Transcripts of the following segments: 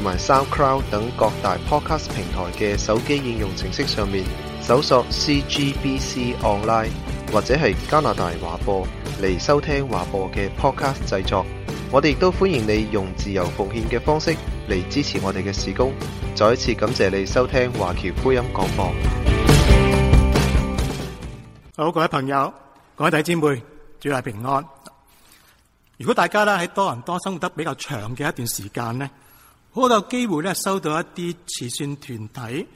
同埋 SoundCloud 等各大 Podcast 平台嘅手機應用程式上面搜索 CGBC Online 或者係加拿大華播嚟收聽華播嘅 Podcast 製作，我哋亦都歡迎你用自由奉獻嘅方式嚟支持我哋嘅事工。再一次感謝你收聽華僑福音廣播。好，各位朋友，各位弟兄姊妹，主愛平安。如果大家咧喺多倫多生活得比較長嘅一段時間咧。我都有機會咧，收到一啲慈善團體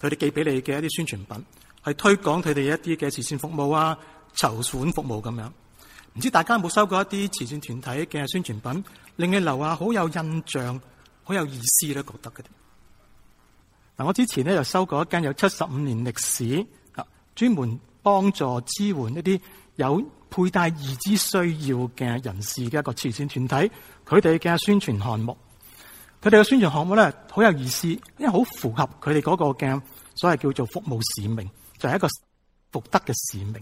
佢哋寄俾你嘅一啲宣傳品，係推廣佢哋一啲嘅慈善服務啊、籌款服務咁樣。唔知大家有冇收過一啲慈善團體嘅宣傳品，令你留下好有印象、好有意思咧？覺得嘅。嗱，我之前呢就收過一間有七十五年歷史啊，專門幫助支援一啲有佩戴義肢需要嘅人士嘅一個慈善團體，佢哋嘅宣傳項目。佢哋嘅宣傳項目咧，好有意思，因為好符合佢哋嗰個嘅所謂叫做服務使命，就係、是、一個福德嘅使命。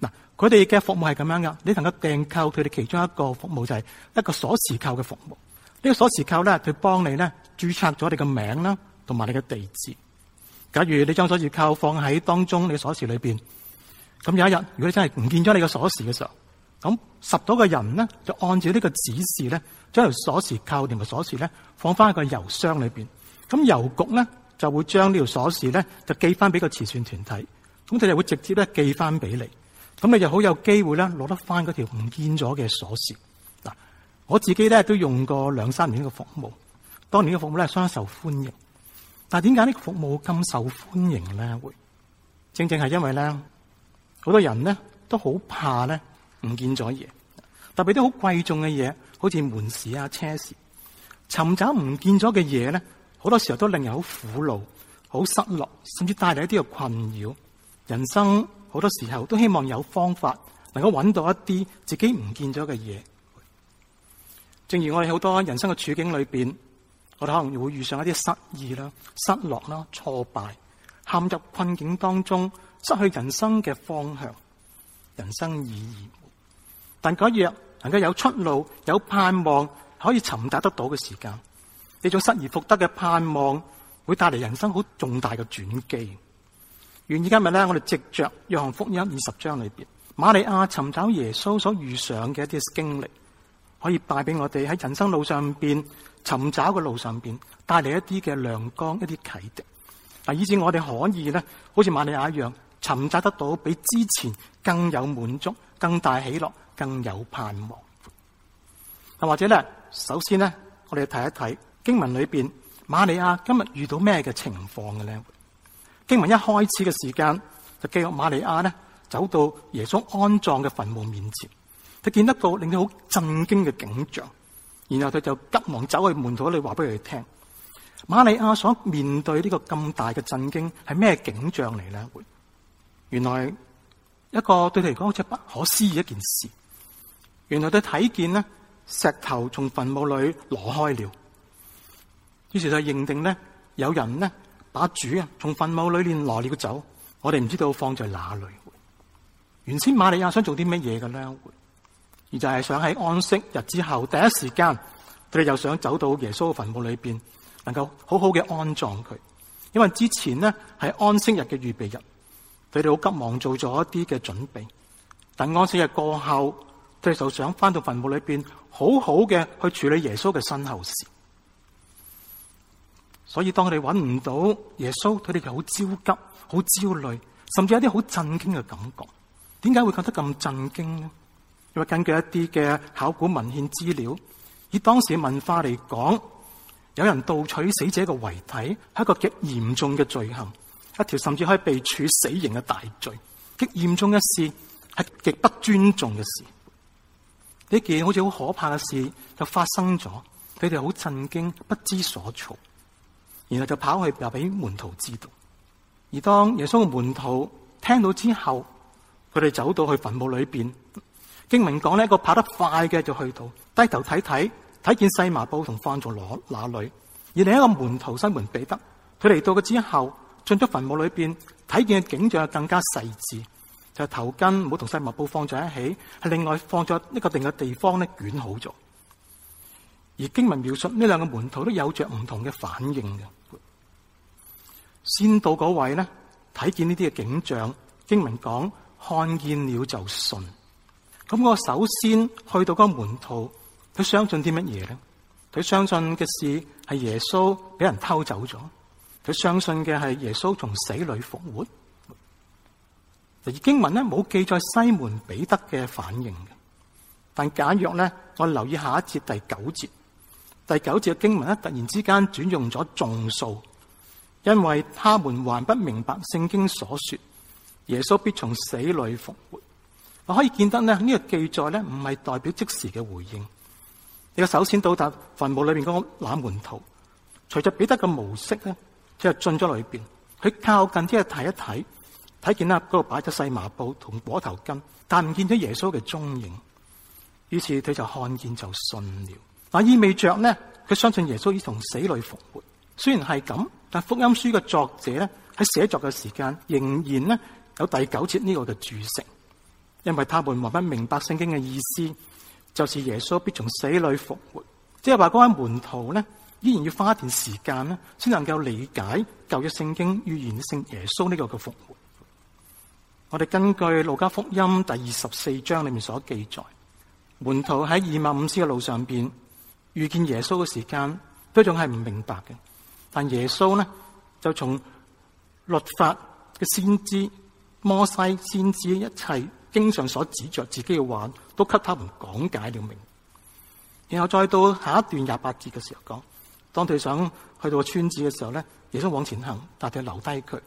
嗱，佢哋嘅服務係咁樣噶，你能夠訂購佢哋其中一個服務，就係一個鎖匙扣嘅服務。呢、這個鎖匙扣咧，佢幫你咧註冊咗你嘅名啦，同埋你嘅地址。假如你將鎖匙扣放喺當中你鎖匙裏邊，咁有一日，如果你真係唔見咗你嘅鎖匙嘅時候，咁十多個人呢，就按照呢個指示咧，將條鎖匙扣定嘅鎖匙咧，匙放翻喺個郵箱裏面。咁郵局咧就會將呢條鎖匙咧，就寄翻俾個慈善團體。咁佢就會直接咧寄翻俾你。咁你就好有機會咧，攞得翻嗰條唔見咗嘅鎖匙。嗱，我自己咧都用過兩三年嘅服務。當年嘅服務咧相當受歡迎。但係點解呢個服務咁受歡迎咧？會正正係因為咧，好多人咧都好怕咧。唔見咗嘢，特別啲好貴重嘅嘢，好似門匙啊、車匙，尋找唔見咗嘅嘢咧，好多時候都令人好苦惱、好失落，甚至帶嚟一啲嘅困擾。人生好多時候都希望有方法能夠揾到一啲自己唔見咗嘅嘢。正如我哋好多人生嘅處境裏邊，我哋可能會遇上一啲失意啦、失落啦、挫敗，陷入困境當中，失去人生嘅方向、人生意義。但嗰日能夠有出路，有盼望，可以尋達得到嘅時間，呢種失而復得嘅盼望，會帶嚟人生好重大嘅轉機。願意今日咧，我哋藉着約翰福音二十章裏邊瑪利亞尋找耶穌所遇上嘅一啲經歷，可以帶俾我哋喺人生路上邊尋找嘅路上邊帶嚟一啲嘅亮光，一啲啟迪，啊，以至我哋可以咧，好似瑪利亞一樣尋找得到，比之前更有滿足，更大喜樂，更有盼望。嗱，或者咧，首先咧，我哋睇一睇經文裏邊，瑪利亞今日遇到咩嘅情況嘅咧？經文一開始嘅時間就記錄瑪利亞咧，走到耶穌安葬嘅墳墓面前，佢見得到令佢好震驚嘅景象，然後佢就急忙走去門徒嗰度話俾佢哋聽。瑪利亞所面對呢個咁大嘅震驚係咩景象嚟咧？原來一個對佢嚟講好似不可思議一件事。原來都睇見呢，石頭從墳墓裏挪開了，於是就認定呢，有人呢把主啊從墳墓裏面挪了走。我哋唔知道放在哪裏。原先馬利亞想做啲乜嘢嘅呢？而就係想喺安息日之後第一時間，佢哋又想走到耶穌嘅墳墓裏邊，能夠好好嘅安葬佢。因為之前呢係安息日嘅預備日，佢哋好急忙做咗一啲嘅準備，等安息日過後。佢哋就想翻到墳墓裏邊，好好嘅去處理耶穌嘅身後事。所以當佢哋揾唔到耶穌，佢哋就好焦急、好焦慮，甚至有啲好震驚嘅感覺。點解會覺得咁震驚呢？因為根據一啲嘅考古文獻資料，以當時文化嚟講，有人盜取死者嘅遺體係一個極嚴重嘅罪行，一條甚至可以被處死刑嘅大罪。極嚴重一事係極不尊重嘅事。呢件好似好可怕嘅事就發生咗，佢哋好震驚，不知所措，然後就跑去話俾門徒知道。而當耶穌嘅門徒聽到之後，佢哋走到去墳墓裏邊，經文講，呢一個跑得快嘅就去到，低頭睇睇，睇見細麻布同放咗落那裏。而另一個門徒西門彼得，佢嚟到嘅之後，進咗墳墓裏邊，睇見嘅景象更加細緻。就頭巾唔好同細麻布放在一起，係另外放咗一個定嘅地方咧，捲好咗。而經文描述呢兩個門徒都有着唔同嘅反應嘅。先到嗰位咧，睇見呢啲嘅景象，經文講，看見了就信。咁我首先去到嗰個門徒，佢相信啲乜嘢咧？佢相信嘅事係耶穌俾人偷走咗，佢相信嘅係耶穌從死裏復活。而經文咧，冇記載西門彼得嘅反應嘅。但假如咧，我留意下一節第九節，第九節嘅經文咧，突然之間轉用咗眾數，因為他們還不明白聖經所說，耶穌必從死裏復活。我可以見得咧，呢個記載咧，唔係代表即時嘅回應。你個首先到達墳墓裏邊嗰個冷門徒，隨着彼得嘅模式咧，他就進咗裏邊，佢靠近啲去睇一睇。睇見啦，嗰度擺咗細麻布同裹頭巾，但唔見咗耶穌嘅蹤影。於是佢就看見就信了，那意味著呢，佢相信耶穌已從死裏復活。雖然係咁，但福音書嘅作者呢，喺寫作嘅時間仍然呢有第九節呢個嘅注釋，因為他們還不明白聖經嘅意思，就是耶穌必從死裏復活。即係話嗰班門徒呢，依然要花一段時間咧，先能夠理解舊約聖經預言性耶穌呢個嘅復活。我哋根據路加福音第二十四章裏面所記載，門徒喺以馬忤斯嘅路上邊遇見耶穌嘅時間，都仲係唔明白嘅。但耶穌呢就從律法嘅先知摩西先知一切經常所指着自己嘅話，都給他們講解了明。然後再到下一段廿八節嘅時候講，當佢想去到個村子嘅時候呢，耶穌往前行，但係留低佢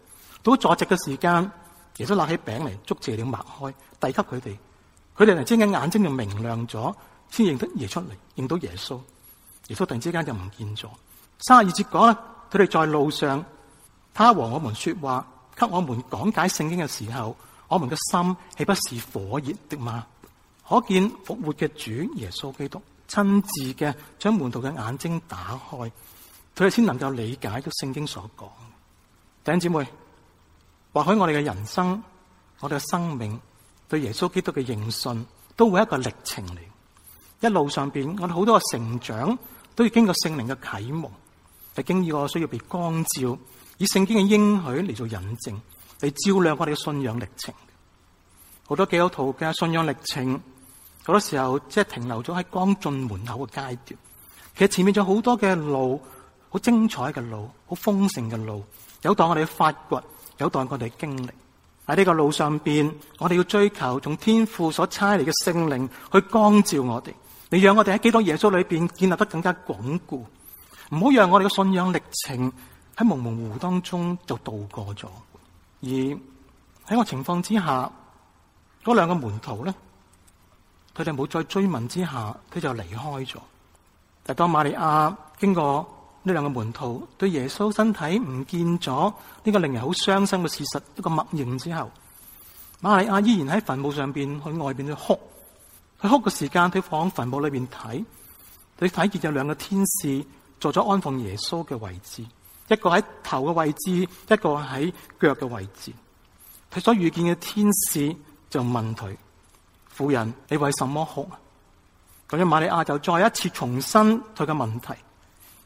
到坐席嘅時間。耶穌拿起餅嚟，祝謝了，擘開，遞給佢哋。佢哋突然之間眼睛就明亮咗，先認得耶穌出嚟，認到耶穌。耶穌突然之間就唔見咗。三十二節講咧，佢哋在路上，他和我們說話，給我們講解聖經嘅時候，我們嘅心豈不是火熱的嗎？可見復活嘅主耶穌基督，親自嘅將門徒嘅眼睛打開，佢哋先能夠理解到聖經所講。弟兄姐妹。或許我哋嘅人生，我哋嘅生命，對耶穌基督嘅認信，都會係一個歷程嚟。一路上邊，我哋好多嘅成長，都要經過聖靈嘅啟蒙，係經呢我需要被光照，以聖經嘅應許嚟做引證，嚟照亮我哋嘅信仰歷程。好多基督徒嘅信仰歷程，好多時候即係停留咗喺啱進門口嘅階段，其實前面仲有好多嘅路，好精彩嘅路，好豐盛嘅路，有待我哋嘅發掘。有待我哋經歷喺呢個路上邊，我哋要追求從天父所差嚟嘅聖靈去光照我哋，你讓我哋喺基督耶穌裏邊建立得更加鞏固，唔好讓我哋嘅信仰歷程喺蒙蒙糊當中就度過咗。而喺個情況之下，嗰兩個門徒咧，佢哋冇再追問之下，佢就離開咗。但當瑪利亞經過。呢兩個門徒對耶穌身體唔見咗呢個令人好傷心嘅事實一個默認之後，瑪利亞依然喺墳墓上邊去外邊去哭，佢哭嘅時間，佢放喺墳墓裏邊睇，佢睇見有兩個天使坐咗安放耶穌嘅位置，一個喺頭嘅位置，一個喺腳嘅位置。佢所遇見嘅天使就問佢：婦人，你為什麼哭？咁樣瑪利亞就再一次重申佢嘅問題。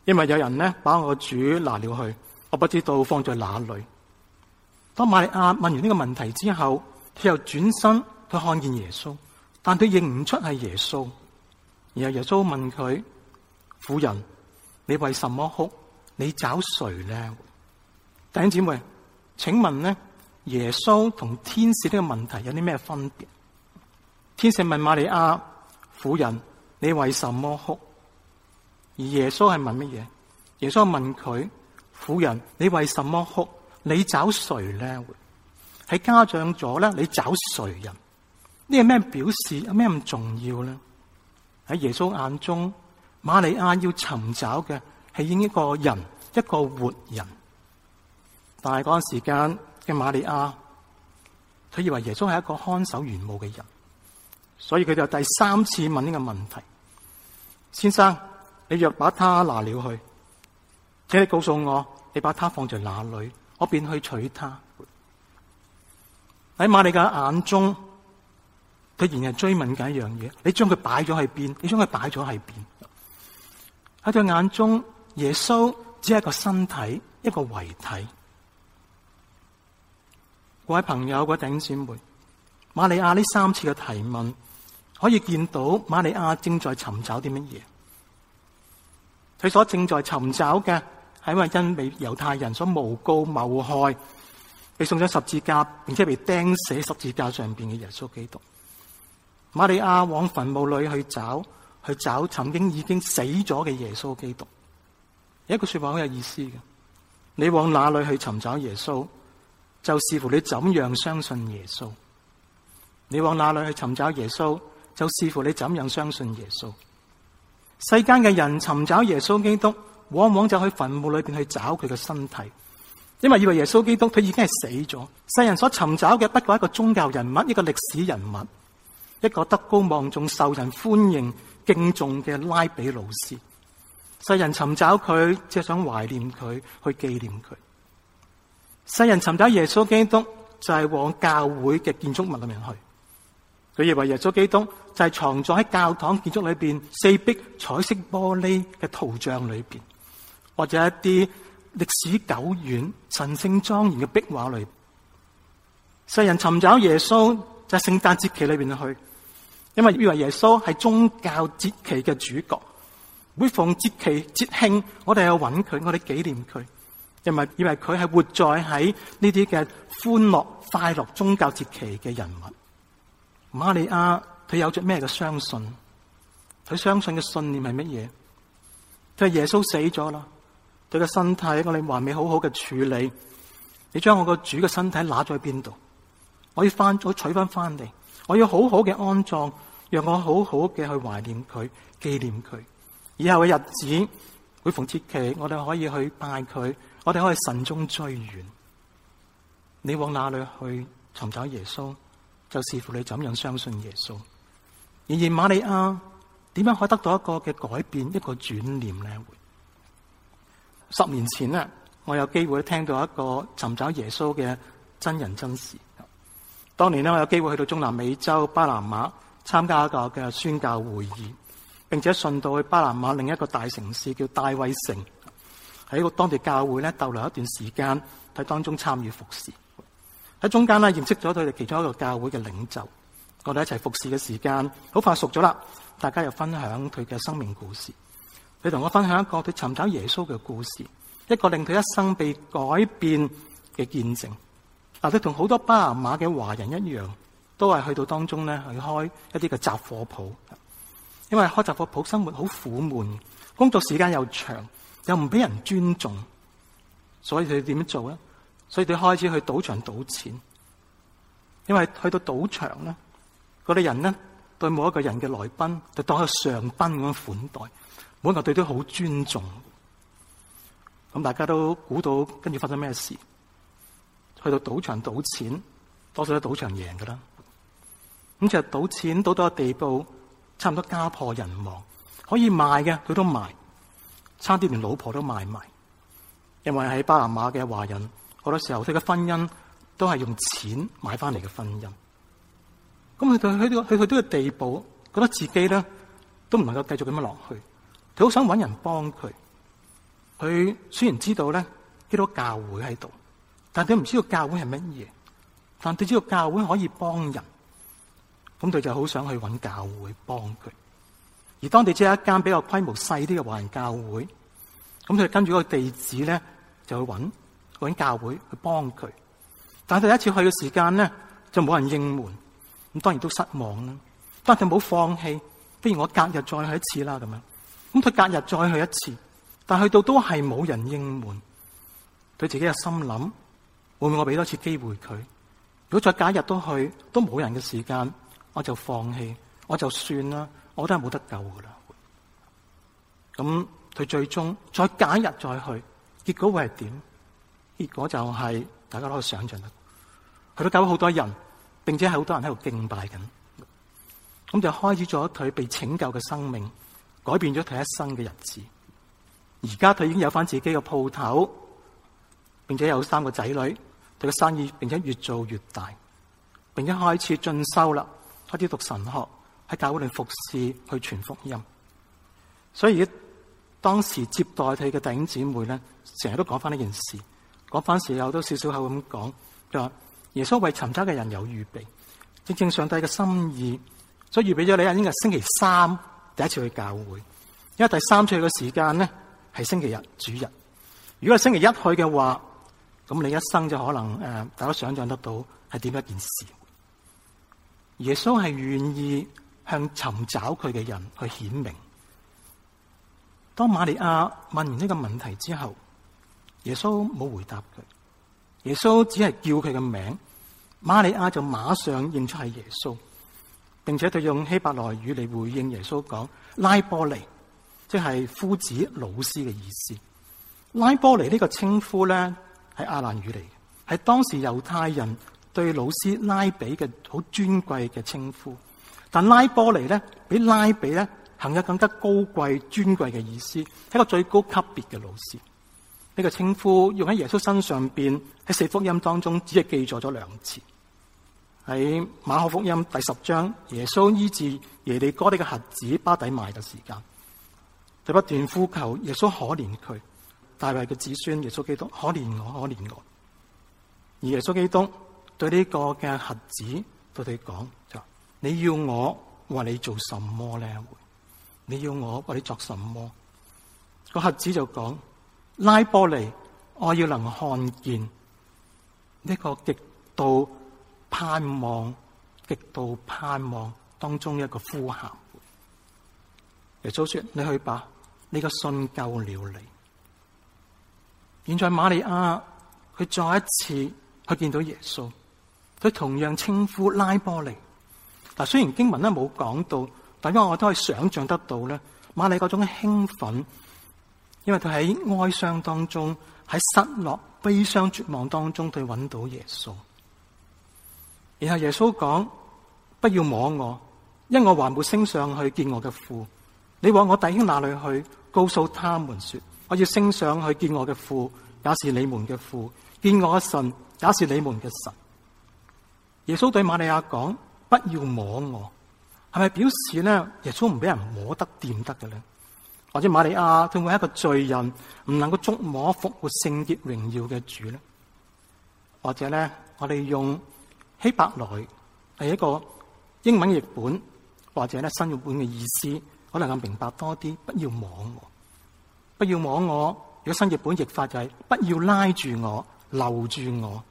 因為有人呢，把我主拿了去，我不知道放在哪裏。當瑪利亞問完呢個問題之後，佢又轉身去看見耶穌，但佢認唔出係耶穌。然後耶穌問佢：婦人，你為什麼哭？你找誰呢？弟兄姊妹，請問呢？耶穌同天使呢個問題有啲咩分別？天使問瑪利亞：婦人，你為什麼哭？而耶穌係問乜嘢？耶穌問佢婦人：你為什麼哭？你找誰呢？喺家長咗咧，你找誰人？呢個咩表示？有咩咁重要咧？喺耶穌眼中，瑪利亞要尋找嘅係一個人，一個活人。但係嗰陣時間嘅瑪利亞，佢以為耶穌係一個看守園墓嘅人，所以佢就第三次問呢個問題：先生。你若把他拿了去，請你告訴我，你把它放在哪裏，我便去取它。喺瑪利亞眼中，佢仍然是追問緊一樣嘢：你將佢擺咗喺邊？你將佢擺咗喺邊？喺佢眼中，耶穌只係一個身體，一個遺體。各位朋友、各位弟兄姊妹，瑪利亞呢三次嘅提問，可以見到瑪利亞正在尋找啲乜嘢？佢所正在尋找嘅，係因為因被猶太人所誣告謀害，被送咗十字架，並且被釘死十字架上邊嘅耶穌基督。瑪利亞往墳墓裏去找，去找曾經已經死咗嘅耶穌基督。有一句說話好有意思嘅，你往哪裏去尋找耶穌，就視乎你怎樣相信耶穌。你往哪裏去尋找耶穌，就視乎你怎樣相信耶穌。世間嘅人尋找耶穌基督，往往就去墳墓裏邊去找佢嘅身體，因為以為耶穌基督佢已經係死咗。世人所尋找嘅不過一個宗教人物，一個歷史人物，一個德高望重、受人歡迎敬重嘅拉比老師。世人尋找佢，只係想懷念佢，去紀念佢。世人尋找耶穌基督，就係往教會嘅建築物裏面去。佢以為耶穌基督就係藏在喺教堂建築裏面四壁彩色玻璃嘅圖像裏面，或者一啲歷史久遠、神聖莊嚴嘅壁畫裏。世人尋找耶穌就係聖誕節期裏面去，因為以為耶穌係宗教節期嘅主角。每逢節期節慶，我哋去揾佢，我哋紀念佢，因為以為佢係活在喺呢啲嘅歡樂、快樂宗教節期嘅人物。瑪利亞佢有着咩嘅相信？佢相信嘅信念係乜嘢？佢係耶穌死咗啦，佢嘅身體我哋還未好好嘅處理。你將我個主嘅身體攞咗去邊度？我要翻咗取翻翻嚟。我要好好嘅安葬，讓我好好嘅去懷念佢、紀念佢。以後嘅日子會逢節期，我哋可以去拜佢，我哋可以慎終追遠。你往哪裏去尋找耶穌？就視乎你怎樣相信耶穌。然而瑪利亞點樣可以得到一個嘅改變，一個轉念呢？十年前呢，我有機會聽到一個尋找耶穌嘅真人真事。當年呢，我有機會去到中南美洲巴拿馬，參加一個嘅宣教會議，並且順道去巴拿馬另一個大城市叫大衛城，喺個當地教會呢逗留一段時間，喺當中參與服侍。喺中間認識咗佢哋其中一個教會嘅領袖，我哋一齊服侍嘅時間，好快熟咗啦。大家又分享佢嘅生命故事。佢同我分享一個佢尋找耶穌嘅故事，一個令佢一生被改變嘅見證。嗱，佢同好多巴拿馬嘅華人一樣，都係去到當中咧去開一啲嘅雜貨鋪。因為開雜貨鋪生活好苦悶，工作時間又長，又唔俾人尊重，所以佢點樣做咧？所以佢開始去賭場賭錢，因為去到賭場咧，嗰啲人咧對每一個人嘅來賓就當係上賓咁款待，每一個人對佢都好尊重。咁大家都估到跟住發生咩事？去到賭場賭錢，多數喺賭場贏噶啦。咁就係賭錢賭到個地步，差唔多家破人亡，可以賣嘅佢都賣，差啲連老婆都賣埋。因為喺巴拿馬嘅華人。好多時候，佢嘅婚姻都係用錢買翻嚟嘅婚姻。咁佢到去到去去到呢個地步，覺得自己咧都唔能夠繼續咁樣落去。佢好想揾人幫佢。佢雖然知道咧，呢度教會喺度，但佢唔知道教會係乜嘢。但佢知道教會可以幫人，咁佢就好想去揾教會幫佢。而當地只有一間比較規模細啲嘅華人教會，咁佢跟住個地址咧就去揾。搵教會去幫佢，但係第一次去嘅時間呢，就冇人應門，咁當然都失望啦。但係冇放棄，不如我隔日再去一次啦咁樣。咁佢隔日再去一次，但係去到都係冇人應門。佢自己又心諗：會唔會我俾多次機會佢？如果再隔日都去都冇人嘅時間，我就放棄，我就算啦，我都係冇得救噶啦。咁佢最終再隔日再去，結果會係點？結果就係大家都可以想象得，佢都教咗好多人，並且係好多人喺度敬拜緊，咁就開始咗佢被拯救嘅生命，改變咗佢一生嘅日子。而家佢已經有翻自己嘅鋪頭，並且有三個仔女，佢嘅生意並且越做越大，並且開始進修啦，開始讀神學，喺教會裏服侍去傳福音。所以當時接待佢嘅弟兄姊妹咧，成日都講翻呢件事。講翻時友都笑笑口咁講，就話耶穌為尋找嘅人有預備，正正上帝嘅心意，所以預備咗你啊！應該係星期三第一次去教會，因為第三次去嘅時間咧係星期日主日。如果係星期一去嘅話，咁你一生就可能誒，大家想象得到係點樣一件事。耶穌係願意向尋找佢嘅人去顯明。當瑪利亞問完呢個問題之後。耶穌冇回答佢，耶穌只係叫佢嘅名，瑪利亞就馬上認出係耶穌，並且佢用希伯來語嚟回應耶穌講拉波尼，即係夫子、老師嘅意思。拉波尼呢個稱呼咧係阿蘭語嚟嘅，係當時猶太人對老師拉比嘅好尊貴嘅稱呼。但拉波尼呢，比拉比呢行含有更加高貴、尊貴嘅意思，係一個最高級別嘅老師。呢個稱呼用喺耶穌身上邊喺四福音當中，只係記載咗兩次。喺馬可福音第十章，耶穌醫治耶利哥呢個瞎子巴底買嘅時間，就不斷呼求耶穌可憐佢，大衛嘅子孫耶穌基督可憐我，可憐我。而耶穌基督對呢個嘅瞎子就對佢講就：你要我為你做什麼呢？你要我為你作什麼？個瞎子就講。拉波尼，我要能看見一，這個極度盼望，極度盼望當中一個呼喊。耶穌說：你去吧呢，這個信救了你。現在瑪利亞，佢再一次去見到耶穌，佢同樣稱呼拉波尼。嗱，雖然經文咧冇講到，但因為我都可以想象得到咧，瑪利亞嗰種興奮。因為佢喺哀傷當中，喺失落、悲傷、絕望當中，佢揾到耶穌。然後耶穌講：不要摸我，因我還沒升上去見我嘅父。你往我弟兄那裏去，告訴他們說：我要升上去見我嘅父，也是你們嘅父；見我嘅神，也是你們嘅神。耶穌對瑪利亞講：不要摸我，係咪表示呢？耶穌唔俾人摸得掂得嘅咧？或者馬利亞，佢會係一個罪人，唔能夠觸摸復活聖潔榮耀嘅主咧。或者咧，我哋用希伯來係一個英文譯本，或者咧新譯本嘅意思，可能夠明白多啲。不要摸我，不要摸我。如果新譯本譯法就係、是、不要拉住我，留住我。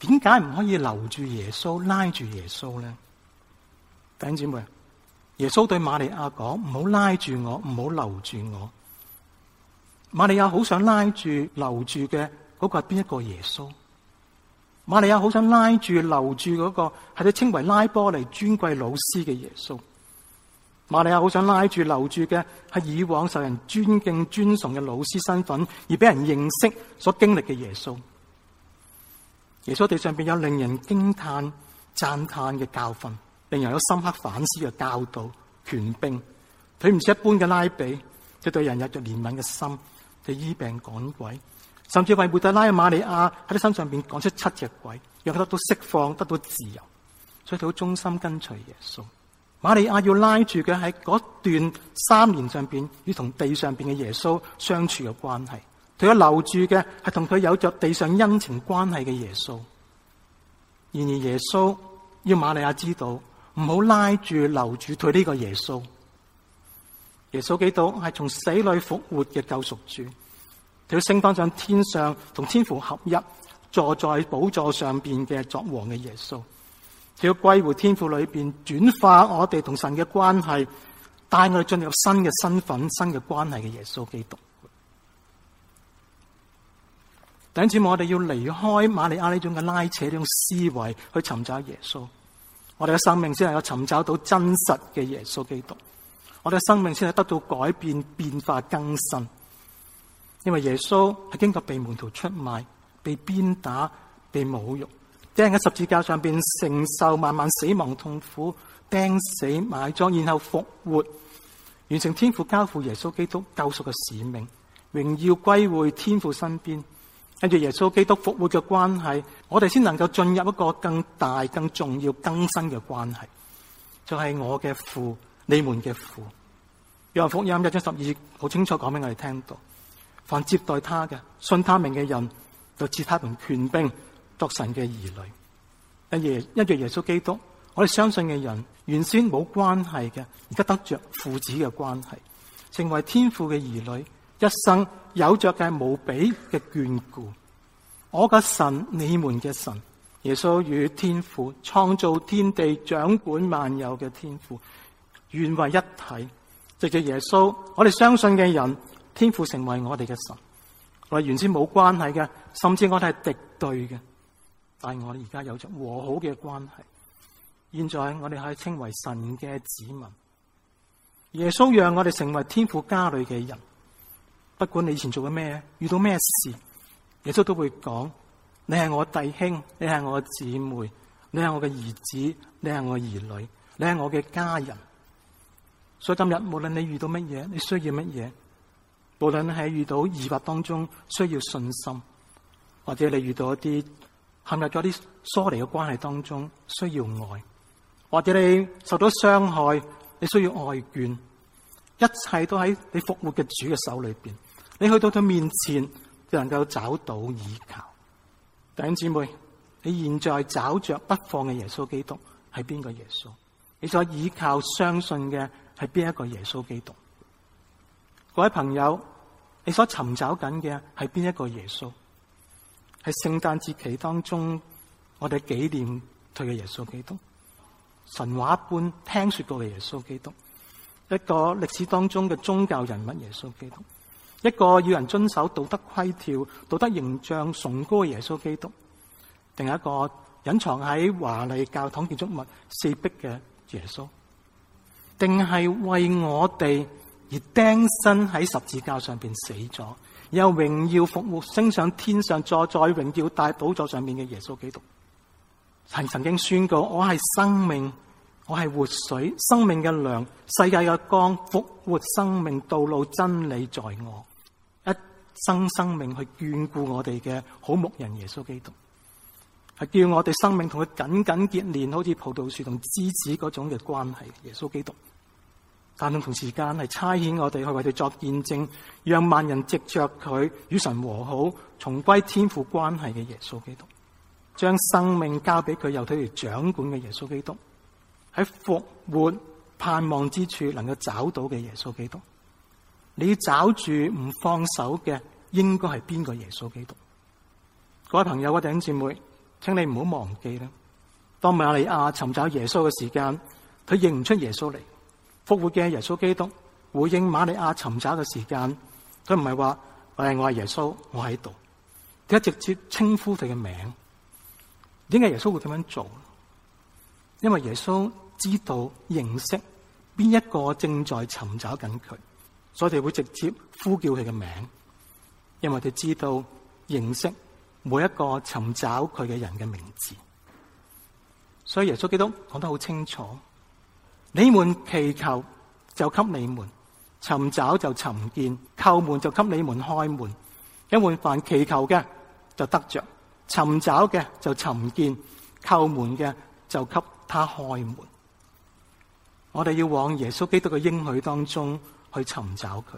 點解唔可以留住耶穌，拉住耶穌咧？弟兄姐妹。耶穌對瑪利亞講：唔好拉住我，唔好留住我。瑪利亞好想拉住留住嘅嗰個係邊一個耶穌？瑪利亞好想拉住留住嗰、那個係你稱為拉波尼尊貴老師嘅耶穌？瑪利亞好想拉住留住嘅係以往受人尊敬尊崇嘅老師身份而俾人認識所經歷嘅耶穌？耶穌地上邊有令人驚嘆讚嘆嘅教訓。令人有深刻反思嘅教導權柄，佢唔似一般嘅拉比，佢對人有着憐憫嘅心，佢醫病趕鬼，甚至為抹大拉馬利亞喺佢身上邊趕出七隻鬼，讓佢得到釋放，得到自由。所以佢好忠心跟隨耶穌。馬利亞要拉住嘅係嗰段三年上邊與同地上邊嘅耶穌相處嘅關係，佢要留住嘅係同佢有着地上恩情關係嘅耶穌。然而耶穌要馬利亞知道。唔好拉住留住對呢個耶穌，耶穌基督係從死裏复活嘅救贖主，佢要升返上天上同天父合一，坐在寶座上邊嘅作王嘅耶穌，佢要歸回天父裏邊，轉化我哋同神嘅關係，帶我哋進入新嘅身份、新嘅關係嘅耶穌基督。頂住我哋要離開瑪利亞呢種嘅拉扯，呢種思維去尋找耶穌。我哋嘅生命先能夠尋找到真實嘅耶穌基督，我哋嘅生命先係得到改變、變化、更新。因為耶穌係經過被門徒出賣、被鞭打、被侮辱，釘喺十字架上邊承受萬萬死亡痛苦、釘死埋葬，然後復活，完成天父交付耶穌基督救贖嘅使命，榮耀歸回天父身邊。跟住耶穌基督復活嘅關係，我哋先能夠進入一個更大、更重要、更新嘅關係，就係、是、我嘅父、你們嘅父。約翰福音一章十二好清楚講俾我哋聽到：凡接待他嘅、信他名嘅人，就賜他們權柄，作神嘅兒女。跟住，跟住耶穌基督，我哋相信嘅人原先冇關係嘅，而家得着父子嘅關係，成為天父嘅兒女。一生有着嘅無比嘅眷顧，我嘅神，你們嘅神，耶穌與天父創造天地、掌管萬有嘅天父，原為一體。藉着耶穌，我哋相信嘅人，天父成為我哋嘅神，我哋原先冇關係嘅，甚至我哋係敵對嘅，但係我哋而家有着和好嘅關係。現在我哋可以稱為神嘅子民，耶穌讓我哋成為天父家裏嘅人。不管你以前做緊咩，遇到咩事，耶穌都會講：你係我弟兄，你係我姊妹，你係我嘅兒子，你係我兒女，你係我嘅家人。所以今日無論你遇到乜嘢，你需要乜嘢，無論喺遇到疑惑當中需要信心，或者你遇到一啲陷入咗啲疏離嘅關係當中需要愛，或者你受到傷害，你需要愛眷，一切都喺你復活嘅主嘅手裏邊。你去到佢面前就能夠找到倚靠。弟兄姊妹，你現在找着不放嘅耶穌基督係邊個耶穌？你所倚靠相信嘅係邊一個耶穌基督？各位朋友，你所尋找緊嘅係邊一個耶穌？喺聖誕節期當中，我哋紀念佢嘅耶穌基督，神話般聽說過嘅耶穌基督，一個歷史當中嘅宗教人物耶穌基督。一個要人遵守道德規條，道德形象崇高嘅耶穌基督，定係一個隱藏喺華麗教堂建築物四壁嘅耶穌，定係為我哋而釘身喺十字架上邊死咗，又榮耀復活，升上天上坐在榮耀大寶座上面嘅耶穌基督，曾曾經宣告，我係生命，我係活水，生命嘅糧，世界嘅光，復活生命道路真理在我。生生命去眷顧我哋嘅好牧人耶穌基督，係叫我哋生命同佢緊緊結連，好似葡萄樹同枝子嗰種嘅關係。耶穌基督，但同時間係差遣我哋去為佢作見證，讓萬人藉着佢與神和好，重歸天父關係嘅耶穌基督，將生命交俾佢又睇住掌管嘅耶穌基督，喺復活盼望之處能夠找到嘅耶穌基督。你要找住唔放手嘅，應該係邊個耶穌基督？各位朋友、各位姊妹，請你唔好忘記啦。當瑪利亞尋找耶穌嘅時間，佢認唔出耶穌嚟，復活嘅耶穌基督回應瑪利亞尋找嘅時間，佢唔係話誒我係耶穌，我喺度，點解直接稱呼佢嘅名。點解耶穌會咁樣做？因為耶穌知道認識邊一個正在尋找緊佢。所以佢會直接呼叫佢嘅名，因為佢知道認識每一個尋找佢嘅人嘅名字。所以耶穌基督講得好清楚：你們祈求就給你們，尋找就尋見，叩門就給你們開門。因為凡祈求嘅就得着，尋找嘅就尋見，叩門嘅就給他開門。我哋要往耶穌基督嘅應許當中去尋找佢。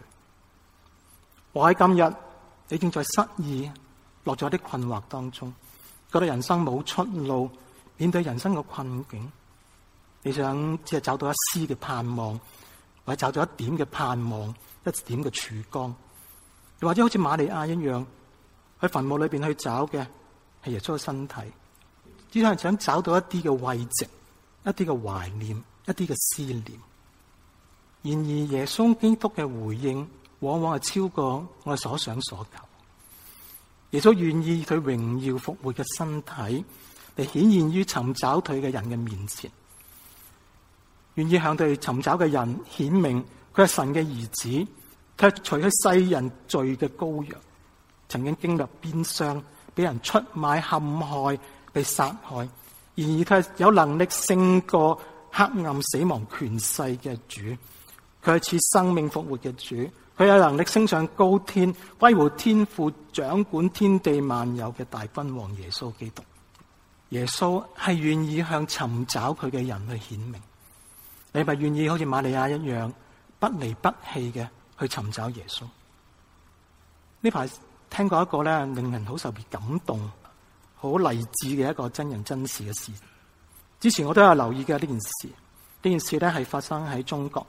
我喺今日，你正在失意，落咗一啲困惑當中，覺得人生冇出路，面對人生嘅困境，你想只係找到一絲嘅盼望，或者找到一點嘅盼望，一點嘅曙光，又或者好似瑪利亞一樣，喺墳墓裏邊去找嘅係耶穌嘅身體，只係想找到一啲嘅慰藉，一啲嘅懷念，一啲嘅思念。然而，耶穌基督嘅回應往往係超過我哋所想所求。耶穌願意佢榮耀復活嘅身體，嚟顯現於尋找佢嘅人嘅面前，願意向對尋找嘅人顯明佢係神嘅兒子，佢除去世人罪嘅羔羊，曾經經歷鞭傷，俾人出賣陷害，被殺害，然而佢係有能力勝過黑暗死亡權勢嘅主。佢係生命復活嘅主，佢有能力升上高天，威護天父，掌管天地萬有嘅大君王耶穌基督。耶穌係願意向尋找佢嘅人去顯明。你咪願意好似瑪利亞一樣不離不棄嘅去尋找耶穌？呢排聽過一個咧，令人好受別感動、好勵志嘅一個真人真事嘅事。之前我都有留意嘅呢件事，呢件事咧係發生喺中國。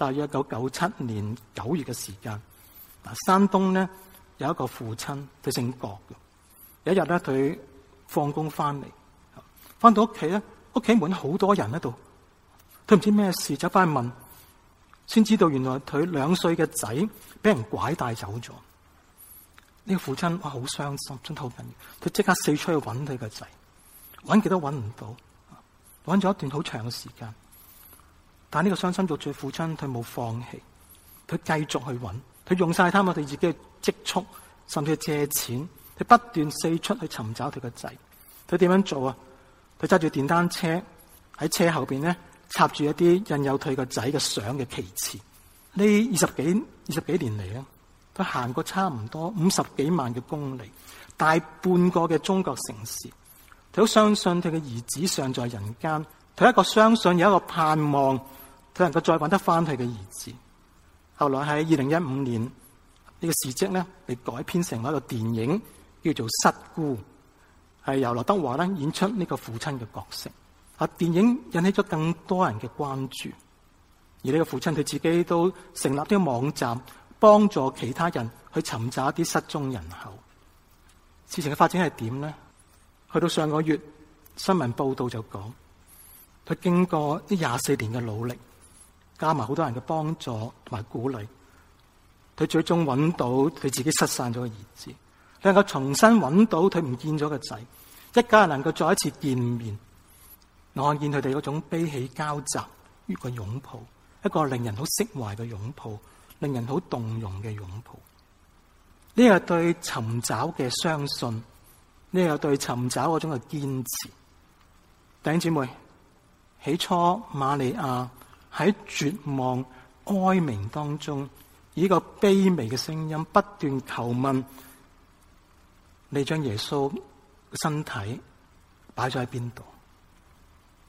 大約一九九七年九月嘅時間，嗱，山東咧有一個父親，佢姓郭嘅。有一日咧，佢放工翻嚟，翻到屋企咧，屋企門好多人喺度，佢唔知咩事，走翻去問，先知道原來佢兩歲嘅仔俾人拐帶走咗。呢個父親哇，好傷心，真係好緊要。佢即刻四出去揾佢個仔，揾幾多揾唔到，揾咗一段好長嘅時間。但呢個傷心欲絕父親，佢冇放棄，佢繼續去揾，佢用晒我哋自己嘅積蓄，甚至係借錢，佢不斷四出去尋找佢個仔。佢點樣做啊？佢揸住電單車喺車後邊咧插住一啲印有佢個仔嘅相嘅旗幟。呢二十幾二十幾年嚟啊，佢行過差唔多五十幾萬嘅公里，大半個嘅中國城市，佢都相信佢嘅兒子尚在人間。佢一個相信，有一個盼望。佢能夠再搵得返佢嘅兒子。後來喺二零一五年，這個、時跡呢個事蹟呢被改編成為一個電影，叫做《失孤》，係由劉德華咧演出呢個父親嘅角色。啊，電影引起咗更多人嘅關注。而呢個父親佢自己都成立咗網站，幫助其他人去尋找一啲失蹤人口。事情嘅發展係點呢？去到上個月，新聞報道就講，佢經過呢廿四年嘅努力，加埋好多人嘅幫助同埋鼓勵，佢最終揾到佢自己失散咗嘅兒子，佢能夠重新揾到佢唔見咗嘅仔，一家人能夠再一次見面，我看見佢哋嗰種悲喜交集，一個擁抱，一個令人好釋懷嘅擁抱，令人好動容嘅擁抱。呢個對尋找嘅相信，呢個對尋找嗰種嘅堅持，弟兄姐妹，起初瑪利亞。喺絕望哀鳴當中，以一個卑微嘅聲音不斷求問：你將耶穌身體擺咗喺邊度？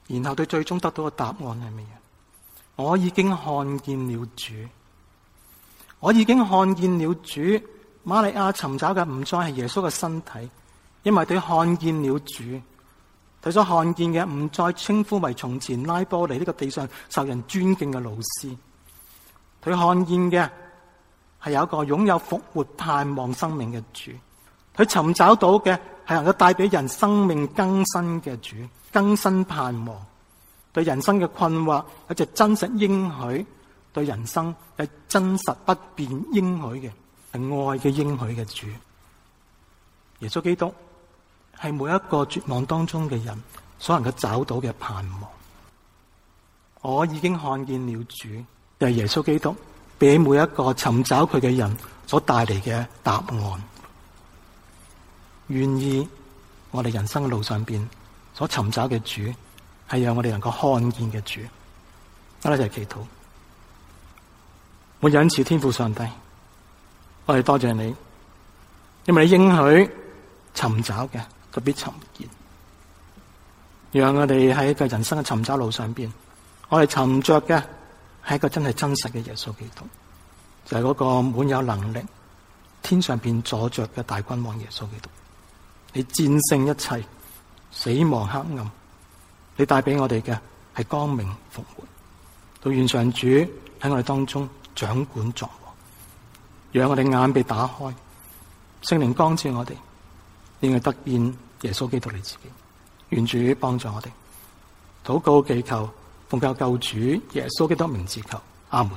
然後佢最終得到嘅答案係乜嘢？我已經看見了主，我已經看見了主。瑪利亞尋找嘅唔再係耶穌嘅身體，因為佢看見了主。佢所看見嘅唔再稱呼為從前拉波尼呢個地上受人尊敬嘅老師，佢看見嘅係有一個擁有復活盼望生命嘅主，佢尋找到嘅係能夠帶俾人生命更新嘅主，更新盼望，對人生嘅困惑有只真實應許，對人生有真實不變應許嘅，係愛嘅應許嘅主，耶穌基督。係每一個絕望當中嘅人所能夠找到嘅盼望，我已經看見了主，就係耶穌基督俾每一個尋找佢嘅人所帶嚟嘅答案。願意我哋人生嘅路上邊所尋找嘅主，係讓我哋能夠看見嘅主。我哋就係祈禱，我引致天父上帝，我哋多謝你，因為你應許尋找嘅。特別沉靜，讓我哋喺一個人生嘅尋找路上邊，我哋尋着嘅係一個真係真實嘅耶穌基督，就係、是、嗰個滿有能力天上邊坐着嘅大君王耶穌基督，你戰勝一切死亡黑暗，你帶俾我哋嘅係光明復活，到原上主喺我哋當中掌管作王，讓我哋眼被打開，聖靈光照我哋。應該得見耶穌基督你自己，願主幫助我哋禱告祈求奉教救主耶穌基督名字求阿門。